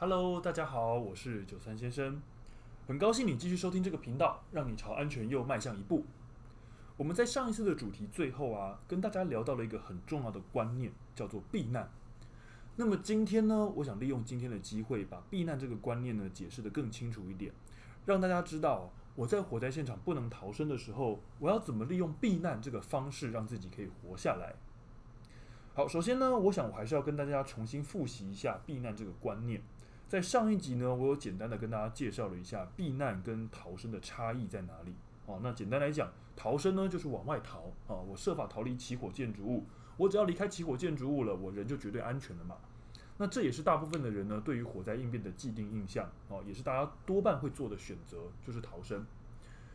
Hello，大家好，我是九三先生，很高興你繼續收聽這個頻道，讓你朝安全又邁向一步。我們在上一次的主題最後啊，跟大家聊到了一個很重要的觀念，叫做避難。那麼今天呢，我想利用今天的機會，把避難這個觀念呢解釋得更清楚一點，讓大家知道我在火災現場不能逃生的時候，我要怎麼利用避難這個方式讓自己可以活下來。好，首先呢，我想我還是要跟大家重新複習一下避難這個觀念。在上一集呢，我有簡單的跟大家介紹了一下避難跟逃生的差異在哪裡。哦，那簡單來講，逃生呢就是往外逃啊，哦，我設法逃離起火建築物，我只要離開起火建築物了，我人就絕對安全了嘛。那這也是大部分的人呢對於火災應變的既定印象哦，也是大家多半會做的選擇，就是逃生。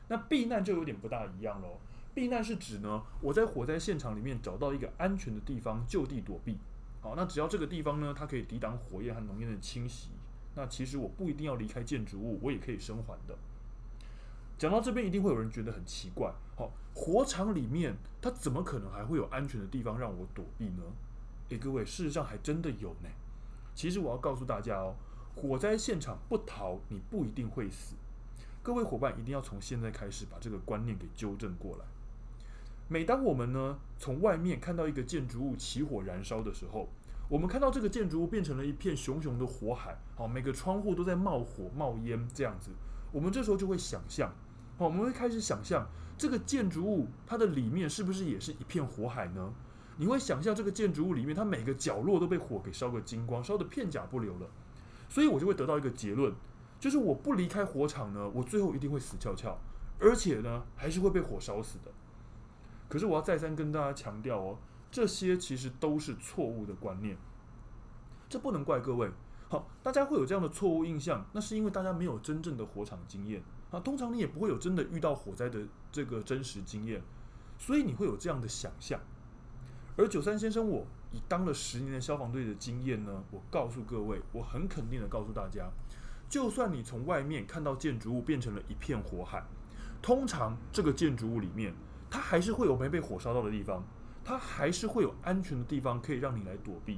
那避難就有點不大一樣嘍。避難是指呢，我在火災現場裡面找到一個安全的地方就地躲避。好，哦，那只要這個地方呢，它可以抵擋火焰和濃煙的侵襲。那其實我不一定要離開建築物，我也可以生還的。講到這邊，一定會有人覺得很奇怪，好，火場裡面它怎麼可能還會有安全的地方讓我躲避呢？誒，各位，事實上還真的有呢。其實我要告訴大家哦，火災現場不逃，你不一定會死。各位夥伴一定要從現在開始把這個觀念給糾正過來。每當我們呢從外面看到一個建築物起火燃燒的時候，我們看到這個建築物變成了一片熊熊的火海，好，每個窗戶都在冒火冒煙這樣子。我們這時候就會想象，好，我們會開始想象這個建築物它的裡面是不是也是一片火海呢？你會想象這個建築物裡面，它每個角落都被火給燒個精光，燒得片甲不留了。所以我就會得到一個結論，就是我不離開火場呢，我最後一定會死翹翹，而且呢，還是會被火燒死的。可是我要再三跟大家強調哦。這些其實都是錯誤的觀念，這不能怪各位。好，大家會有這樣的錯誤印象，那是因為大家沒有真正的火場經驗啊。通常你也不會有真的遇到火災的這個真實經驗，所以你會有這樣的想象。而九三先生我，我以當了十年的消防隊的經驗呢，我告訴各位，我很肯定的告訴大家，就算你從外面看到建築物變成了一片火海，通常這個建築物裡面，它還是會有沒被火燒到的地方。它還是會有安全的地方可以讓你來躲避。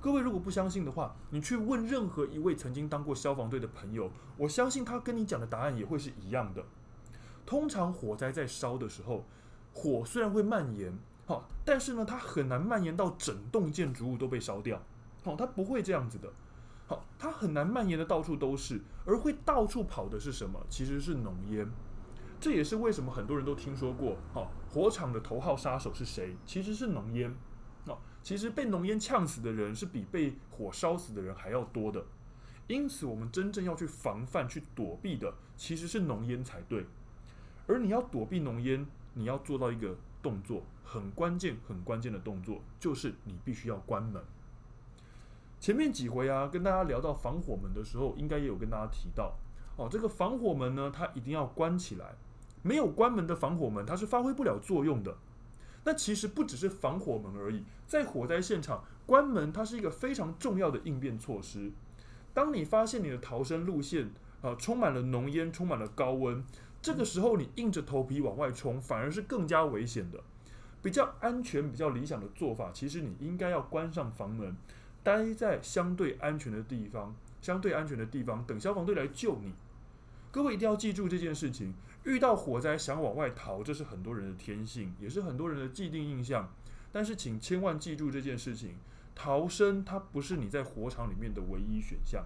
各位如果不相信的話，你去問任何一位曾經當過消防隊的朋友，我相信他跟你講的答案也會是一樣的。通常火災在燒的時候，火雖然會蔓延，好，但是呢，它很難蔓延到整棟建築物都被燒掉，好，它不會這樣子的。好，它很難蔓延的到處都是，而會到處跑的是什麼？其實是濃煙。這也是為什麼很多人都聽說過，哈，火場的頭號殺手是誰？其實是濃煙，啊，其實被濃煙嗆死的人是比被火燒死的人還要多的。因此，我們真正要去防範、去躲避的其實是濃煙才對。而你要躲避濃煙，你要做到一個動作，很關鍵、很關鍵的動作，就是你必須要關門。前面幾回啊，跟大家聊到防火門的時候，應該也有跟大家提到，哦，這個防火門呢，它一定要關起來。沒有關門的防火門，它是發揮不了作用的。那其實不只是防火門而已，在火災現場關門，它是一個非常重要的應變措施。當你發現你的逃生路線啊、呃、充滿了濃煙，充滿了高溫，這個時候你硬着頭皮往外衝，反而是更加危險的。比較安全、比較理想的做法，其實你應該要關上房門，待在相對安全的地方，相對安全的地方等消防隊來救你。各位一定要記住這件事情：遇到火災想往外逃，這是很多人的天性，也是很多人的既定印象。但是，請千萬記住這件事情：逃生它不是你在火場裡面的唯一選項，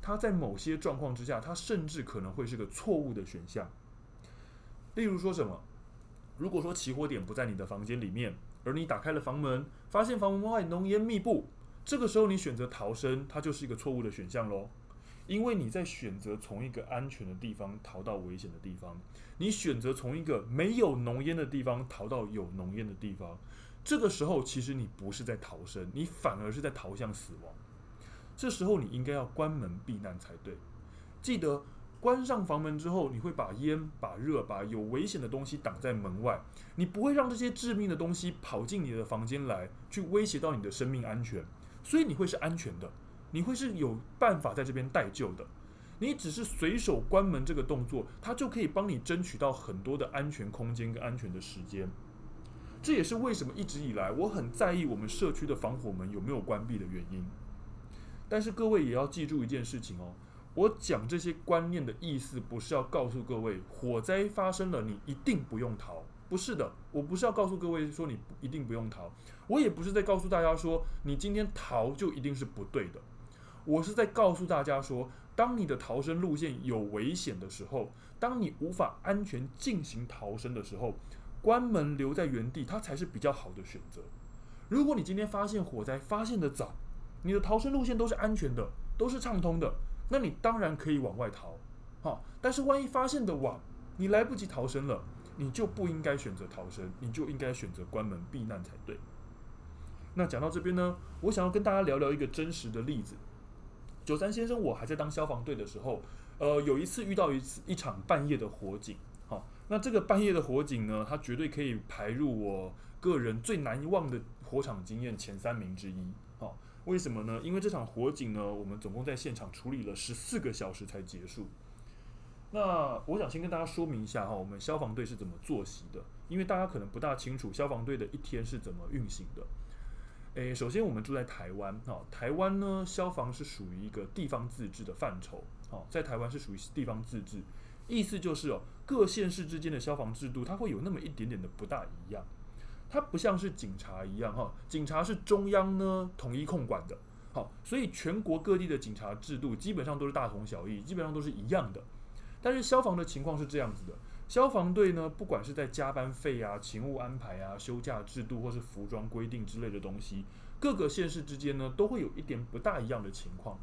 它在某些狀況之下，它甚至可能會是個錯誤的選項。例如說什麼，如果說起火點不在你的房間裡面，而你打開了房門，發現房門外濃煙密佈，這個時候你選擇逃生，它就是一個錯誤的選項嘍。因為你在選擇從一個安全的地方逃到危險的地方，你選擇從一個沒有濃煙的地方逃到有濃煙的地方，這個時候其實你不是在逃生，你反而是在逃向死亡。這時候你應該要關門避難才對。記得關上房門之後，你會把煙、把熱、把有危險的東西擋在門外，你不會讓這些致命的東西跑進你的房間來，去威脅到你的生命安全，所以你會是安全的。你會是有辦法在這邊待救的，你只是隨手關門這個動作，它就可以幫你爭取到很多的安全空間跟安全的時間。這也是為什麼一直以來我很在意我們社區的防火門有沒有關閉的原因。但是各位也要記住一件事情哦，我講這些觀念的意思不是要告訴各位火災發生了你一定不用逃，不是的，我不是要告訴各位說你一定不用逃，我也不是在告訴大家說你今天逃就一定是不對的。我是在告訴大家說，當你的逃生路線有危險的時候，當你無法安全進行逃生的時候，關門留在原地，它才是比較好的選擇。如果你今天發現火災發現得早，你的逃生路線都是安全的，都是暢通的，那你當然可以往外逃。哈，但是萬一發現得晚，你來不及逃生了，你就不應該選擇逃生，你就應該選擇關門避難才對。那講到這邊呢，我想要跟大家聊聊一個真實的例子。九三先生，我還在當消防隊的時候，呃，有一次遇到一次一場半夜的火警，好、哦，那這個半夜的火警呢，它絕對可以排入我個人最難忘的火場經驗前三名之一，好、哦，為什麼呢？因為這場火警呢，我們總共在現場處理了十四個小時才結束。那我想先跟大家說明一下哈，我們消防隊是怎麼作息的，因為大家可能不大清楚消防隊的一天是怎麼運行的。誒，首先我們住在台灣，哈，台灣呢消防是屬於一個地方自治的範疇，哈，在台灣是屬於地方自治，意思就是哦各縣市之間的消防制度它會有那麼一點點的不大一樣，它不像是警察一樣，哈，警察是中央呢統一控管的，好，所以全國各地的警察制度基本上都是大同小異，基本上都是一樣的，但是消防的情況是這樣子的。消防隊呢，不管是在加班費啊、勤務安排啊、休假制度或是服裝規定之類的東西，各個縣市之間呢，都會有一點不大一樣的情況。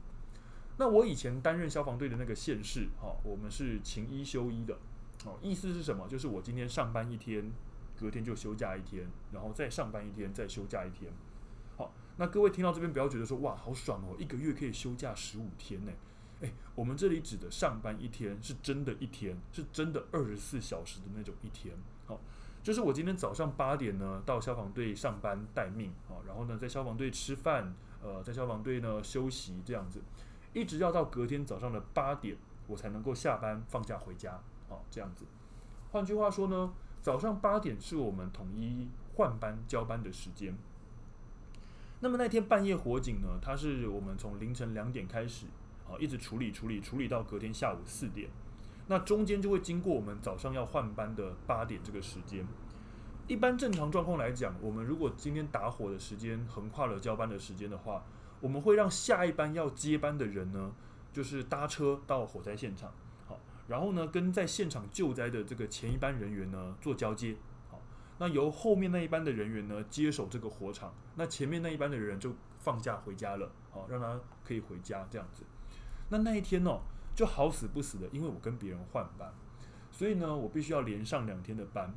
那我以前擔任消防隊的那個縣市，哈，我們是勤一休一的，好，意思是什麼？就是我今天上班一天，隔天就休假一天，然後再上班一天，再休假一天。好，那各位聽到這邊不要覺得說哇，好爽哦，一個月可以休假十五天呢。哎，我們這裡指的上班一天是真的一天，是真的二十四小時的那種一天。好，就是我今天早上八點呢到消防隊上班待命啊，然後呢在消防隊吃飯，呃，在消防隊呢休息這樣子，一直要到隔天早上的八點，我才能夠下班放假回家。好，這樣子。換句話說呢，早上八點是我們統一換班交班的時間。那麼那天半夜火警呢，它是我們從凌晨兩點開始。啊，一直處理處理處理到隔天下午四點，那中間就會經過我們早上要換班的八點這個時間。一般正常狀況來講，我們如果今天打火的時間橫跨了交班的時間的話，我們會讓下一班要接班的人呢，就是搭車到火災現場，好，然後呢跟在現場救災的這個前一班人員呢做交接，好，那由後面那一班的人員呢接手這個火場，那前面那一班的人就放假回家了，好，讓他可以回家這樣子。那那一天呢，哦，就好死不死的，因為我跟別人換班，所以呢，我必須要連上兩天的班。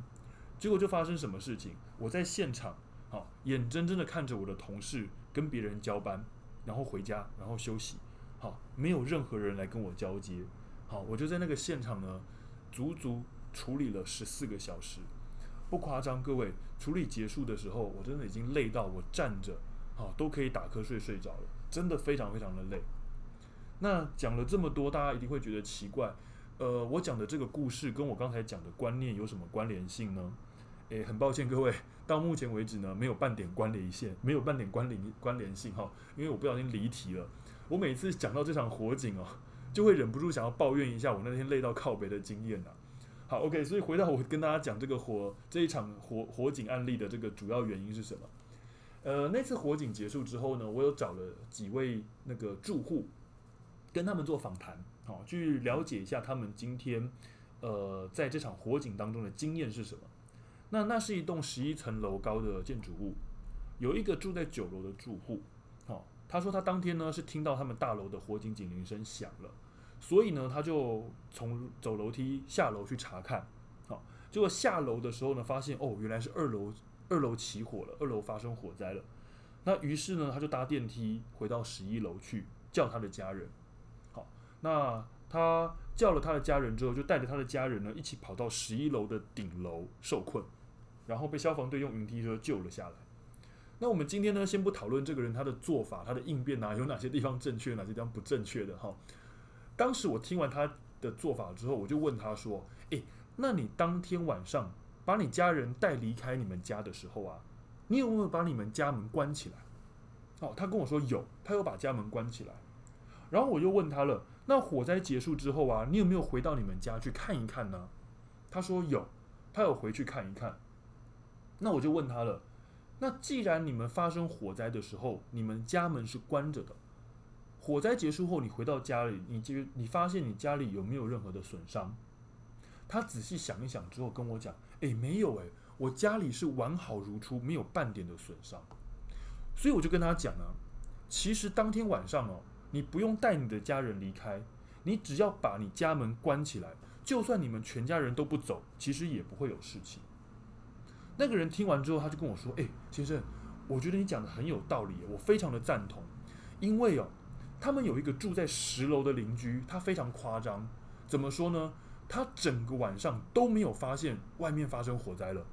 結果就發生什麼事情？我在現場，啊，眼睜睜的看着我的同事跟別人交班，然後回家，然後休息，好，沒有任何人來跟我交接，好，我就在那個現場呢，足足處理了十四個小時，不誇張，各位，處理結束的時候，我真的已經累到我站着，好，都可以打瞌睡睡着了，真的非常非常的累。那講了這麼多，大家一定會覺得奇怪，呃，我講的這個故事跟我剛才講的觀念有什麼關聯性呢？誒，很抱歉，各位，到目前為止呢，沒有半點關聯性，沒有半點關聯關聯性哈、哦，因為我不小心離題了。我每次講到這場火警哦，就會忍不住想要抱怨一下我那天累到靠北的經驗吶、啊。好，OK，所以回到我跟大家講這個火這一場火火警案例的這個主要原因是什麼？呃，那次火警結束之後呢，我有找了幾位那個住戶。跟他們做訪談，好，去了解一下他們今天，呃，在這場火警當中的經驗是什麼？那那是一棟十一層樓高的建築物，有一個住在九樓的住戶，好、哦，他說他當天呢是聽到他們大樓的火警警鈴聲響了，所以呢他就從走樓梯下樓去查看，好、哦，結果下樓的時候呢發現哦原來是二樓二樓起火了，二樓發生火災了，那於是呢他就搭電梯回到十一樓去叫他的家人。那他叫了他的家人之後，就帶着他的家人呢一起跑到十一樓的頂樓受困，然後被消防隊用雲梯車救了下來。那我們今天呢，先不討論這個人他的做法、他的應變啊，有哪些地方正確，哪些地方不正確的哈。當時我聽完他的做法之後，我就問他說：“誒、欸，那你當天晚上把你家人帶離開你們家的時候啊，你有沒有把你們家門關起來？”哦，他跟我說有，他有把家門關起來，然後我就問他了。那火災結束之後啊，你有沒有回到你們家去看一看呢？他說有，他有回去看一看。那我就問他了，那既然你們發生火災的時候，你們家門是關着的，火災結束後你回到家裡，你就，你發現你家裡有沒有任何的損傷？他仔細想一想之後跟我講，誒，沒有誒，我家裡是完好如初，沒有半點的損傷。所以我就跟他講啊，其實當天晚上哦。你不用帶你的家人離開，你只要把你家門關起來，就算你們全家人都不走，其實也不會有事情。那個人聽完之後，他就跟我說：“哎，先生，我覺得你講得很有道理，我非常的贊同。因為哦，他們有一個住在十樓的鄰居，他非常誇張，怎麼說呢？他整個晚上都沒有發現外面發生火災了，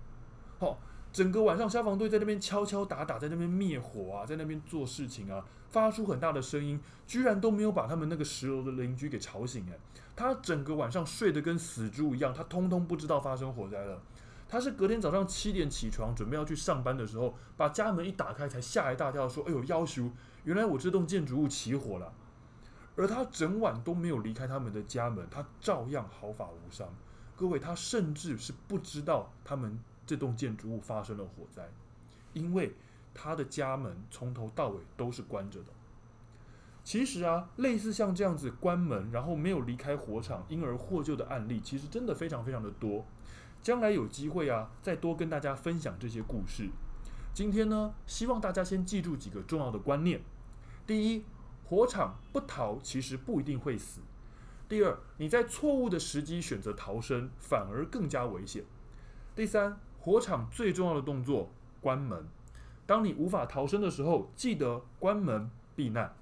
好。”整個晚上，消防隊在那邊敲敲打打，在那邊滅火啊，在那邊做事情啊，發出很大的聲音，居然都沒有把他們那個十樓的鄰居給吵醒。誒，他整個晚上睡得跟死豬一樣，他通通不知道發生火災了。他是隔天早上七點起床，準備要去上班的時候，把家門一打開，才嚇一大跳，說：“哎呦，夭壽，原來我這棟建築物起火了。”而他整晚都沒有離開他們的家門，他照樣毫髮無傷。各位，他甚至是不知道他們。這棟建築物發生了火災，因為他的家門從頭到尾都是關着的。其實啊，類似像這樣子關門，然後沒有離開火場，因而獲救的案例，其實真的非常非常的多。將來有機會啊，再多跟大家分享這些故事。今天呢，希望大家先記住幾個重要的觀念：第一，火場不逃，其實不一定會死；第二，你在錯誤的時機選擇逃生，反而更加危險；第三，火場最重要的動作，關門。當你無法逃生的時候，記得關門避難。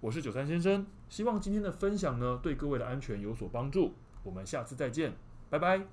我是九三先生，希望今天的分享呢，對各位的安全有所幫助。我們下次再見，拜拜。